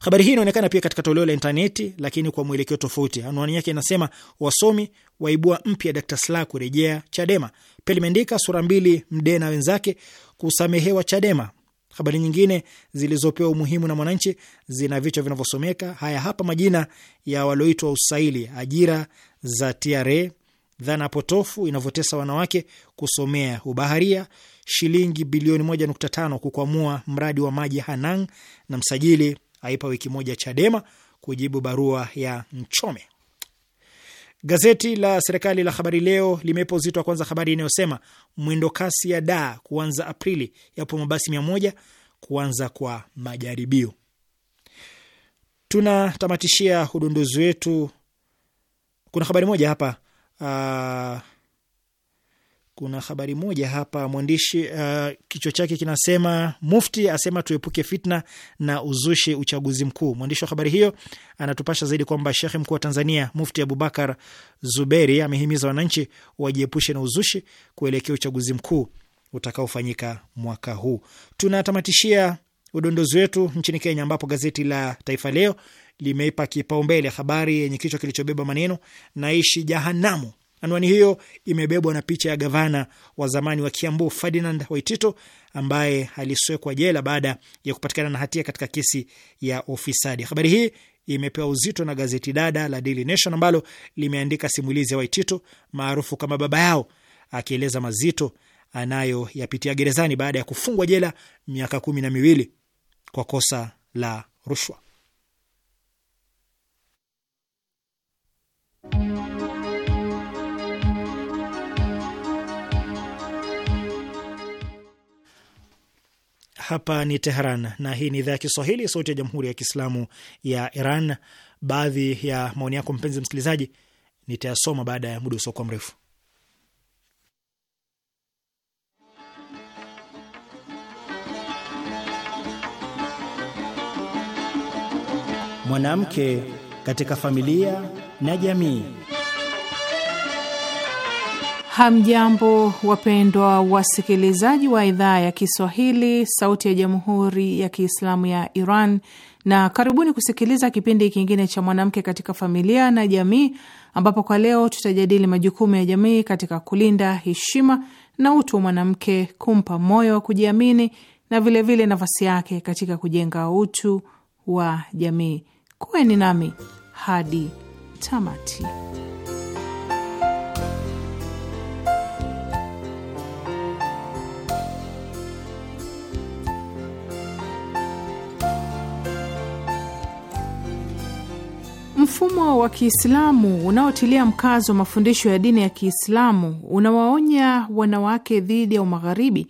Habari hii inaonekana pia katika toleo la intaneti, lakini kwa mwelekeo tofauti. Anwani yake inasema wasomi waibua mpya Dr. Slaa kurejea Chadema. Pia limeandika sura mbili Mdee na wenzake kusamehewa Chadema. Habari nyingine zilizopewa umuhimu na Mwananchi zina vichwa vinavyosomeka haya hapa: majina ya walioitwa usaili, ajira za TRA, dhana potofu inavyotesa wanawake kusomea ubaharia, shilingi bilioni 1.5 kukwamua mradi wa maji Hanang, na msajili aipa wiki moja Chadema kujibu barua ya Mchome. Gazeti la serikali la Habari Leo limepa uzito wa kwanza habari inayosema mwendo kasi ya daa kuanza Aprili, yapo mabasi mia moja kuanza kwa majaribio. Tunatamatishia udunduzi wetu, kuna habari moja hapa uh, kuna habari moja hapa mwandishi uh, kichwa chake kinasema Mufti asema tuepuke fitna na uzushi uchaguzi mkuu. Mwandishi wa habari hiyo anatupasha zaidi kwamba Shekhe mkuu wa Tanzania Mufti Abubakar Zuberi amehimiza wananchi wajiepushe na uzushi kuelekea uchaguzi mkuu utakaofanyika mwaka huu. Tunatamatishia udondozi wetu nchini Kenya, ambapo gazeti la Taifa Leo limeipa kipaumbele habari yenye kichwa kilichobeba maneno naishi jahanamu Anwani hiyo imebebwa na picha ya gavana wa zamani wa Kiambu Ferdinand Waitito ambaye aliswekwa jela baada ya kupatikana na hatia katika kesi ya ufisadi. Habari hii imepewa uzito na gazeti dada la Daily Nation ambalo limeandika simulizi ya Waitito maarufu kama baba yao, akieleza mazito anayoyapitia gerezani baada ya kufungwa jela miaka kumi na miwili kwa kosa la rushwa. Hapa ni teheran na hii ni idhaa ya Kiswahili, sauti ya jamhuri ya kiislamu ya Iran. Baadhi ya maoni yako mpenzi msikilizaji nitayasoma baada ya muda usiokuwa mrefu. Mwanamke katika familia na jamii. Hamjambo, wapendwa wasikilizaji wa idhaa ya Kiswahili, Sauti ya Jamhuri ya Kiislamu ya Iran, na karibuni kusikiliza kipindi kingine cha Mwanamke katika Familia na Jamii, ambapo kwa leo tutajadili majukumu ya jamii katika kulinda heshima na utu wa mwanamke, kumpa moyo wa kujiamini na vilevile nafasi yake katika kujenga utu wa jamii. Kuweni nami hadi tamati. mfumo wa Kiislamu unaotilia mkazo mafundisho ya dini ya Kiislamu unawaonya wanawake dhidi ya umagharibi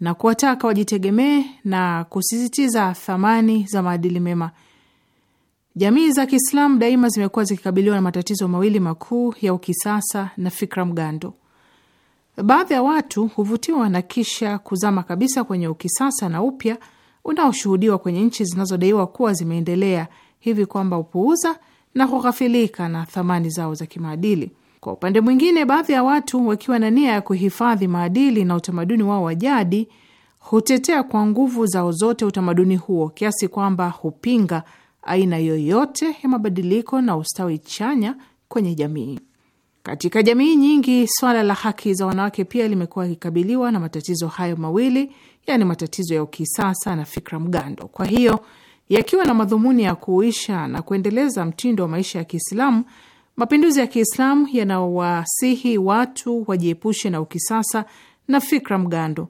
na kuwataka wajitegemee na kusisitiza thamani za maadili mema. Jamii za Kiislamu daima zimekuwa zikikabiliwa na matatizo mawili makuu ya ukisasa na fikra mgando. Baadhi ya watu huvutiwa na kisha kuzama kabisa kwenye ukisasa na upya unaoshuhudiwa kwenye nchi zinazodaiwa kuwa zimeendelea hivi kwamba upuuza na kughafilika na thamani zao za kimaadili. Kwa upande mwingine, baadhi ya watu wakiwa na nia ya kuhifadhi maadili na utamaduni wao wa jadi hutetea kwa nguvu zao zote utamaduni huo kiasi kwamba hupinga aina yoyote ya mabadiliko na ustawi chanya kwenye jamii. Katika jamii nyingi, swala la haki za wanawake pia limekuwa likikabiliwa na matatizo hayo mawili, yaani matatizo ya ukisasa na fikra mgando. Kwa hiyo yakiwa na madhumuni ya kuisha na kuendeleza mtindo wa maisha ya Kiislamu. Mapinduzi ya Kiislamu yanawasihi watu wajiepushe na ukisasa na fikra mgando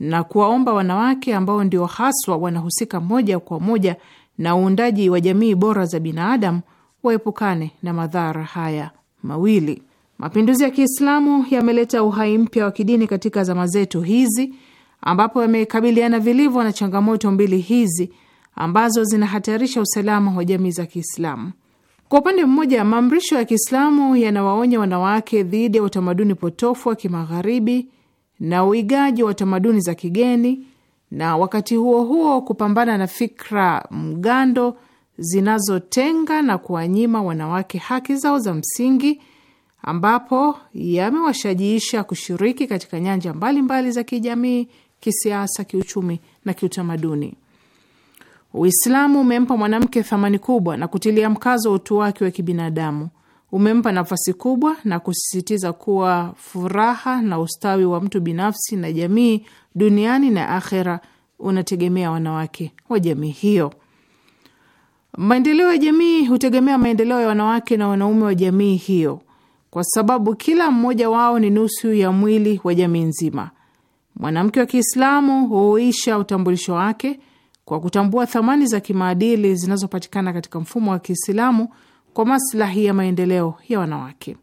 na kuwaomba wanawake ambao ndio haswa wanahusika moja kwa moja na uundaji wa jamii bora za binadamu waepukane na madhara haya mawili. Mapinduzi ya Kiislamu yameleta uhai mpya wa kidini katika zama zetu hizi, ambapo yamekabiliana vilivyo na changamoto mbili hizi ambazo zinahatarisha usalama wa jamii za Kiislamu. Kwa upande mmoja, maamrisho ya Kiislamu yanawaonya wanawake dhidi ya utamaduni potofu wa kimagharibi na uigaji wa tamaduni za kigeni, na wakati huo huo kupambana na fikra mgando zinazotenga na kuwanyima wanawake haki zao za msingi, ambapo yamewashajiisha kushiriki katika nyanja mbalimbali mbali za kijamii, kisiasa, kiuchumi na kiutamaduni. Uislamu umempa mwanamke thamani kubwa na kutilia mkazo utu wake wa kibinadamu. Umempa nafasi kubwa na kusisitiza kuwa furaha na ustawi wa mtu binafsi na jamii duniani na akhera unategemea wanawake wa jamii hiyo. Maendeleo ya jamii hutegemea maendeleo ya wanawake na wanaume wa jamii hiyo, kwa sababu kila mmoja wao ni nusu ya mwili wa jamii nzima. Mwanamke wa Kiislamu huuisha utambulisho wake kwa kutambua thamani za kimaadili zinazopatikana katika mfumo wa Kiislamu kwa maslahi ya maendeleo ya wanawake.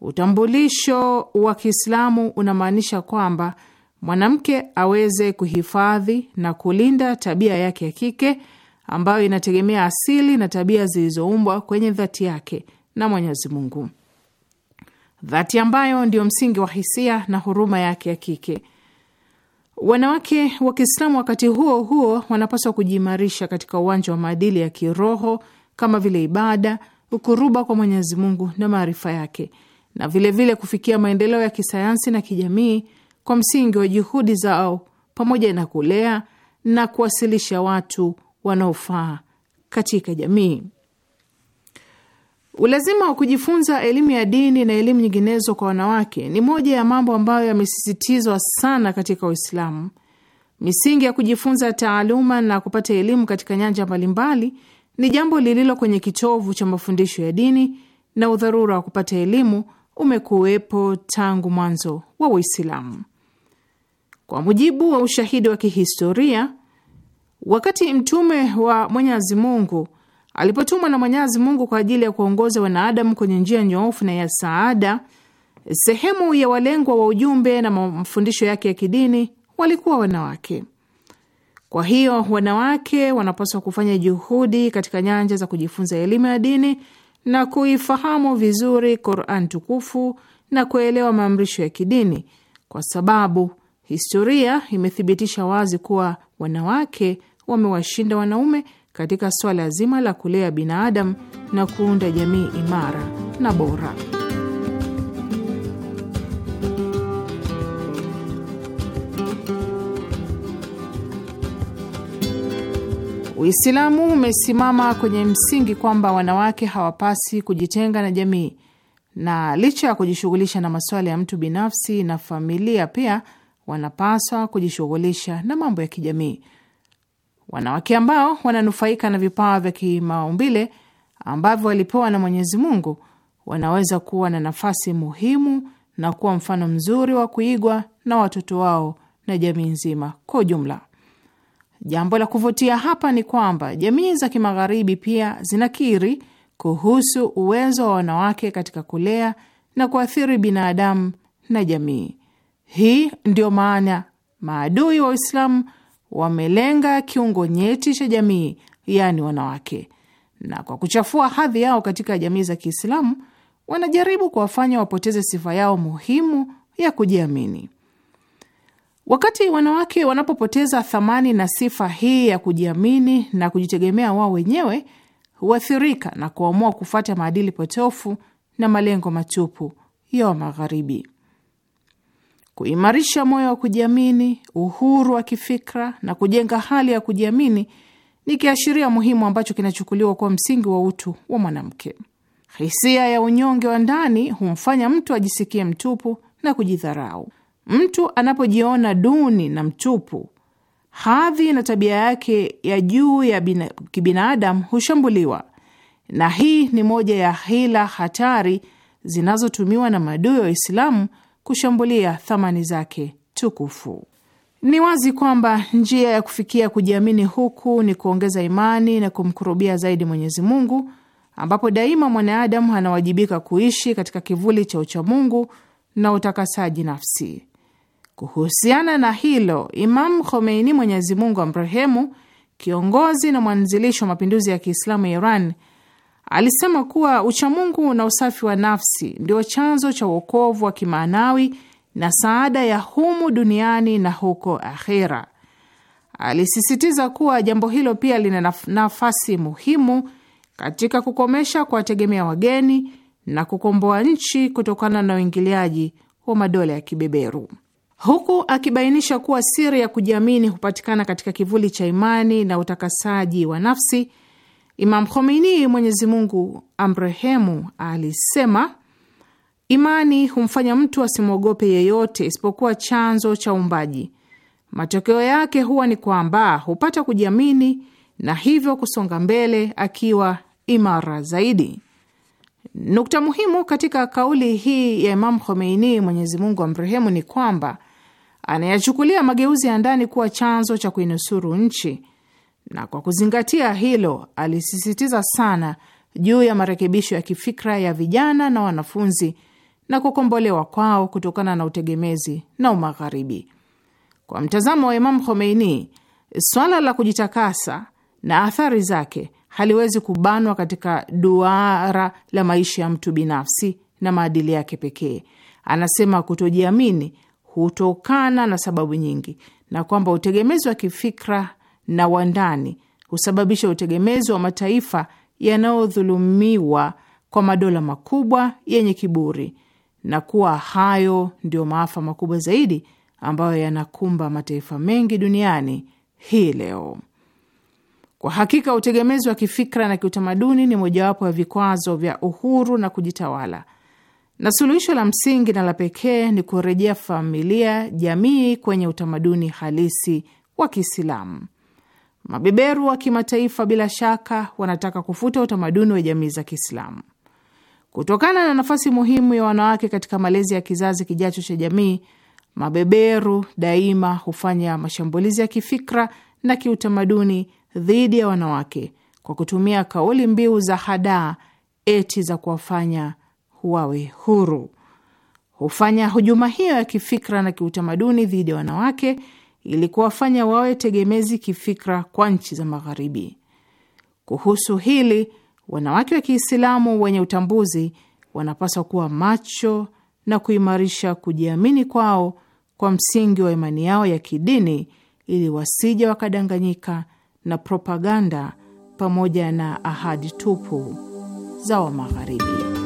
Utambulisho wa Kiislamu unamaanisha kwamba mwanamke aweze kuhifadhi na kulinda tabia yake ya kike ambayo inategemea asili na tabia zilizoumbwa kwenye dhati yake na Mwenyezi Mungu, dhati ambayo ndiyo msingi wa hisia na huruma yake ya kike. Wanawake wa Kiislamu wakati huo huo wanapaswa kujiimarisha katika uwanja wa maadili ya kiroho kama vile ibada, ukuruba kwa Mwenyezi Mungu na maarifa yake, na vilevile vile kufikia maendeleo ya kisayansi na kijamii kwa msingi wa juhudi zao pamoja na kulea na kuwasilisha watu wanaofaa katika jamii. Ulazima wa kujifunza elimu ya dini na elimu nyinginezo kwa wanawake ni moja ya mambo ambayo yamesisitizwa sana katika Uislamu. Misingi ya kujifunza taaluma na kupata elimu katika nyanja mbalimbali ni jambo lililo kwenye kitovu cha mafundisho ya dini na udharura wa kupata elimu umekuwepo tangu mwanzo wa Uislamu. Kwa mujibu wa ushahidi wa kihistoria, wakati mtume wa Mwenyezi Mungu alipotumwa na Mwenyezi Mungu kwa ajili ya kuongoza wanaadamu kwenye njia nyoofu na ya saada. Sehemu ya walengwa wa ujumbe na mafundisho yake ya kidini walikuwa wanawake. Kwa hiyo wanawake wanapaswa kufanya juhudi katika nyanja za kujifunza elimu ya dini na kuifahamu vizuri Qur'an tukufu na kuelewa maamrisho ya kidini, kwa sababu historia imethibitisha wazi kuwa wanawake wamewashinda wanaume katika swala zima la kulea binadamu na kuunda jamii imara na bora. Uislamu umesimama kwenye msingi kwamba wanawake hawapasi kujitenga na jamii, na licha ya kujishughulisha na masuala ya mtu binafsi na familia, pia wanapaswa kujishughulisha na mambo ya kijamii wanawake ambao wananufaika na vipawa vya kimaumbile ambavyo walipewa na Mwenyezi Mungu wanaweza kuwa na nafasi muhimu na kuwa mfano mzuri wa kuigwa na watoto wao na jamii nzima kwa ujumla. Jambo la kuvutia hapa ni kwamba jamii za kimagharibi pia zinakiri kuhusu uwezo wa wanawake katika kulea na kuathiri binadamu na jamii. Hii ndiyo maana maadui wa Uislamu wamelenga kiungo nyeti cha jamii, yaani wanawake, na kwa kuchafua hadhi yao katika jamii za Kiislamu wanajaribu kuwafanya wapoteze sifa yao muhimu ya kujiamini. Wakati wanawake wanapopoteza thamani na sifa hii ya kujiamini na kujitegemea wao wenyewe, huathirika na kuamua kufuata maadili potofu na malengo matupu ya Magharibi kuimarisha moyo wa kujiamini, uhuru wa kifikra na kujenga hali ya kujiamini ni kiashiria muhimu ambacho kinachukuliwa kuwa msingi wa utu wa mwanamke. Hisia ya unyonge wa ndani humfanya mtu ajisikie mtupu na kujidharau. Mtu anapojiona duni na mtupu, hadhi na tabia yake ya juu ya kibinadamu hushambuliwa, na hii ni moja ya hila hatari zinazotumiwa na maadui wa Waislamu kushambulia thamani zake tukufu. Ni wazi kwamba njia ya kufikia kujiamini huku ni kuongeza imani na kumkurubia zaidi Mwenyezi Mungu, ambapo daima mwanadamu anawajibika kuishi katika kivuli cha uchamungu na utakasaji nafsi. Kuhusiana na hilo, Imam Khomeini, Mwenyezi Mungu amrehemu, kiongozi na mwanzilishi wa mapinduzi ya Kiislamu ya Iran Alisema kuwa uchamungu na usafi wa nafsi ndio chanzo cha uokovu wa kimaanawi na saada ya humu duniani na huko akhera. Alisisitiza kuwa jambo hilo pia lina nafasi muhimu katika kukomesha kuwategemea wageni na kukomboa nchi kutokana na uingiliaji wa madola ya kibeberu, huku akibainisha kuwa siri ya kujiamini hupatikana katika kivuli cha imani na utakasaji wa nafsi Imam Khomeini, Mwenyezi Mungu amrehemu, alisema imani humfanya mtu asimwogope yeyote isipokuwa chanzo cha uumbaji. Matokeo yake huwa ni kwamba hupata kujiamini na hivyo kusonga mbele akiwa imara zaidi. Nukta muhimu katika kauli hii ya Imam Khomeini, Mwenyezi Mungu amrehemu, ni kwamba anayachukulia mageuzi ya ndani kuwa chanzo cha kuinusuru nchi na kwa kuzingatia hilo alisisitiza sana juu ya marekebisho ya kifikra ya vijana na wanafunzi na kukombolewa kwao kutokana na utegemezi na umagharibi. Kwa mtazamo wa Imam Khomeini, swala la kujitakasa na athari zake haliwezi kubanwa katika duara la maisha ya mtu binafsi na maadili yake pekee. Anasema kutojiamini hutokana na sababu nyingi, na kwamba utegemezi wa kifikra na wa ndani husababisha utegemezi wa mataifa yanayodhulumiwa kwa madola makubwa yenye kiburi, na kuwa hayo ndiyo maafa makubwa zaidi ambayo yanakumba mataifa mengi duniani hii leo. Kwa hakika utegemezi wa kifikra na kiutamaduni ni mojawapo ya vikwazo vya uhuru na kujitawala, na suluhisho la msingi na la pekee ni kurejea familia, jamii kwenye utamaduni halisi wa Kiislamu. Mabeberu wa kimataifa bila shaka wanataka kufuta utamaduni wa jamii za Kiislamu. Kutokana na nafasi muhimu ya wanawake katika malezi ya kizazi kijacho cha jamii, mabeberu daima hufanya mashambulizi ya kifikra na kiutamaduni dhidi ya wanawake kwa kutumia kauli mbiu za hadaa eti za kuwafanya wawe huru. Hufanya hujuma hiyo ya kifikra na kiutamaduni dhidi ya wanawake ili kuwafanya wawe tegemezi kifikra kwa nchi za Magharibi. Kuhusu hili, wanawake wa Kiislamu wenye utambuzi wanapaswa kuwa macho na kuimarisha kujiamini kwao kwa msingi wa imani yao ya kidini, ili wasije wakadanganyika na propaganda pamoja na ahadi tupu za Wamagharibi.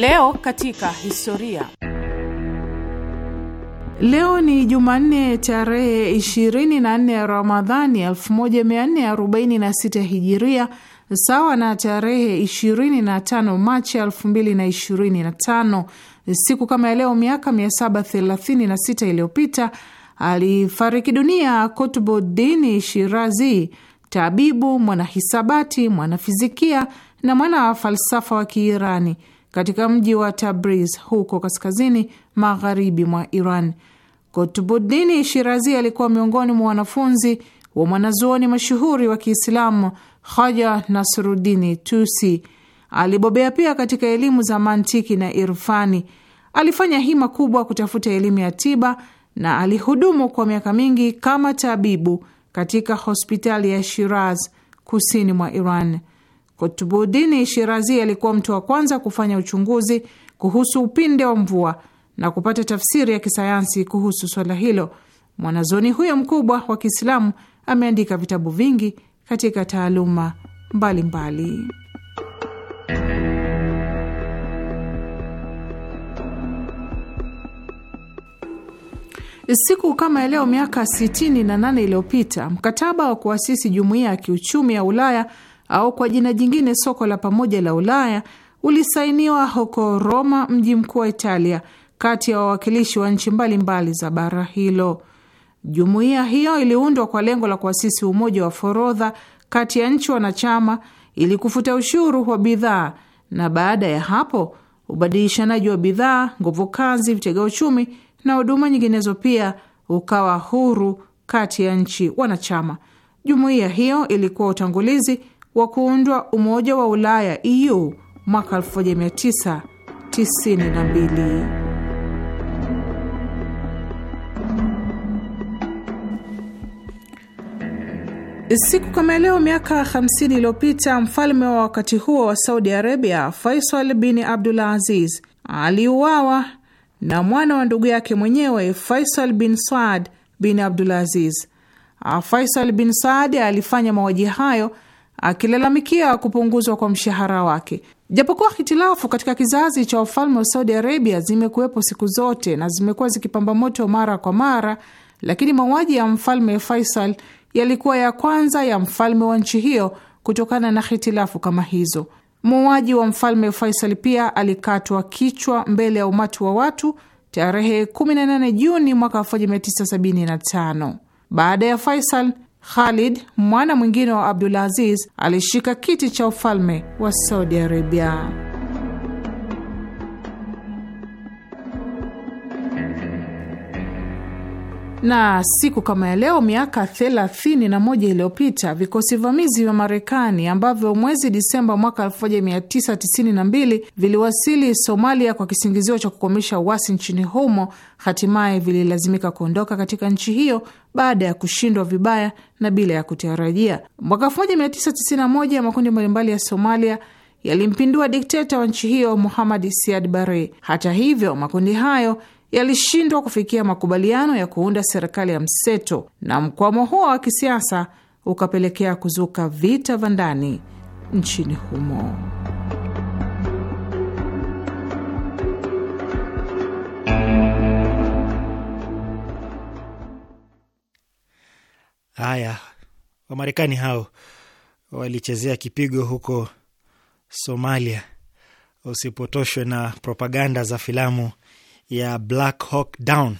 Leo katika historia. Leo ni Jumanne tarehe 24 ya Ramadhani 1446 Hijiria, sawa na tarehe 25 Machi 2025. Siku kama ya leo miaka 736 iliyopita alifariki dunia Kutbuddin Shirazi, tabibu, mwanahisabati, mwanafizikia na mwana wa falsafa wa Kiirani katika mji wa Tabriz huko kaskazini magharibi mwa Iran. Kutubuddini Shirazi alikuwa miongoni mwa wanafunzi wa mwanazuoni mashuhuri wa Kiislamu Haja Nasrudini Tusi. Alibobea pia katika elimu za mantiki na irfani. Alifanya hima kubwa kutafuta elimu ya tiba na alihudumu kwa miaka mingi kama tabibu katika hospitali ya Shiraz kusini mwa Iran. Kutubudini Shirazi alikuwa mtu wa kwanza kufanya uchunguzi kuhusu upinde wa mvua na kupata tafsiri ya kisayansi kuhusu swala hilo. mwanazoni huyo mkubwa wa Kiislamu ameandika vitabu vingi katika taaluma mbalimbali mbali. Siku kama leo miaka 68 iliyopita mkataba wa kuasisi jumuiya ya kiuchumi ya Ulaya au kwa jina jingine soko la pamoja la Ulaya ulisainiwa huko Roma, mji mkuu wa Italia, kati ya wawakilishi wa nchi mbalimbali za bara hilo. Jumuiya hiyo iliundwa kwa lengo la kuasisi umoja wa forodha kati ya nchi wanachama ili kufuta ushuru wa bidhaa, na baada ya hapo ubadilishanaji wa bidhaa, nguvu kazi, vitega uchumi na huduma nyinginezo pia ukawa huru kati ya nchi wanachama. Jumuiya hiyo ilikuwa utangulizi wa kuundwa Umoja wa Ulaya EU mwaka 1992. Siku kama leo miaka 50 iliyopita mfalme wa wakati huo wa Saudi Arabia, Faisal bin abdul Aziz, aliuawa na mwana wa ndugu yake mwenyewe Faisal bin Saad bin Abdul Aziz. Faisal bin Saad alifanya mauaji hayo akilalamikia kupunguzwa kwa mshahara wake. Japokuwa hitilafu katika kizazi cha ufalme wa Saudi Arabia zimekuwepo siku zote na zimekuwa zikipamba moto mara kwa mara, lakini mauaji ya mfalme Faisal yalikuwa ya kwanza ya mfalme wa nchi hiyo kutokana na hitilafu kama hizo. Muuaji wa mfalme Faisal pia alikatwa kichwa mbele ya umati wa watu tarehe 18 Juni mwaka 1975. Baada ya Faisal Khalid, mwana mwingine wa Abdulaziz, alishika kiti cha ufalme wa Saudi Arabia. Na siku kama ya leo miaka 31 moja iliyopita vikosi vamizi vya Marekani ambavyo mwezi Disemba mwaka 1992 viliwasili Somalia kwa kisingizio cha kukomesha uasi nchini humo, hatimaye vililazimika kuondoka katika nchi hiyo baada ya kushindwa vibaya na bila ya kutarajia. Mwaka 1991 makundi mbalimbali ya Somalia yalimpindua dikteta wa nchi hiyo Muhamad Siad Barre. Hata hivyo makundi hayo yalishindwa kufikia makubaliano ya kuunda serikali ya mseto, na mkwamo huo wa kisiasa ukapelekea kuzuka vita vya ndani nchini humo. Haya, Wamarekani hao walichezea kipigo huko Somalia. Usipotoshwe na propaganda za filamu ya Black Hawk Down.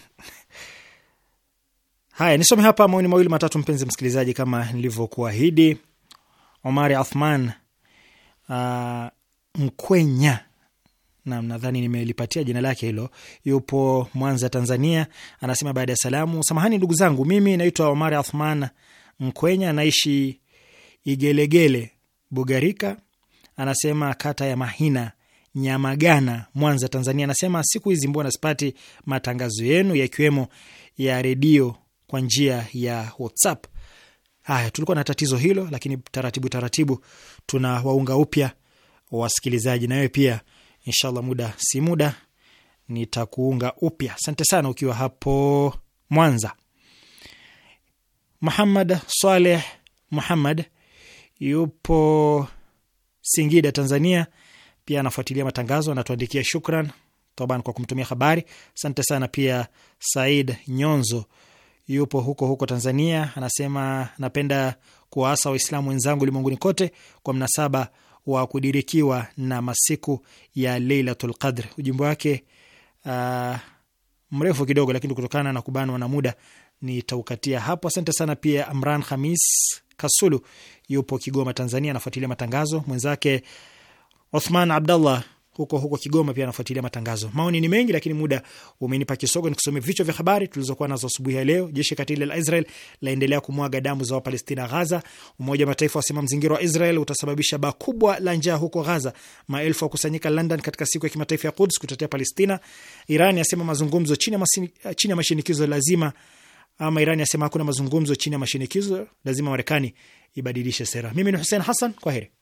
Haya, nisome hapa maoni mawili matatu, mpenzi msikilizaji, kama nilivyokuahidi. Omari Athman uh, Mkwenya na nadhani nimelipatia jina lake hilo, yupo Mwanza, Tanzania. Anasema baada ya salamu, samahani ndugu zangu, mimi naitwa Omari Athman Mkwenya, naishi Igelegele Bugarika. Anasema kata ya Mahina Nyamagana, Mwanza, Tanzania, anasema siku hizi mbona sipati matangazo yenu yakiwemo ya redio kwa njia ya WhatsApp. Haya, tulikuwa na tatizo hilo, lakini taratibu taratibu tuna waunga upya wasikilizaji. nawe pia inshallah, muda si muda nitakuunga upya. Asante sana ukiwa hapo Mwanza. Muhammad Saleh Muhammad yupo Singida, Tanzania pia anafuatilia matangazo, anatuandikia shukran toban kwa kumtumia habari. Asante sana. Pia Said Nyonzo yupo huko huko Tanzania, anasema napenda kuwaasa Waislamu wenzangu ulimwenguni kote kwa mnasaba wa kudirikiwa na masiku ya Leilatul Qadr. Ujumbe wake uh, mrefu kidogo, lakini kutokana na kubanwa na muda nitaukatia hapo. Asante sana. Pia Amran Hamis Kasulu yupo Kigoma, Tanzania, anafuatilia matangazo. Mwenzake Othman Abdallah huko huko Kigoma pia anafuatilia matangazo. Maoni ni mengi, lakini muda umenipa kisogo. Nikusomea vichwa vya habari tulizokuwa nazo asubuhi ya leo. Jeshi katili la Israel laendelea kumwaga damu za Wapalestina Ghaza. Umoja wa Mataifa wasema mzingiro wa Israel utasababisha baa kubwa la njaa huko Ghaza. Maelfu wakusanyika London katika siku ya kimataifa ya Quds kutetea Palestina. Iran yasema mazungumzo chini ya mashinikizo lazima ama Iran yasema hakuna mazungumzo chini ya mashinikizo, lazima Marekani ibadilishe sera. Mimi ni Hussein Hassan, kwa heri.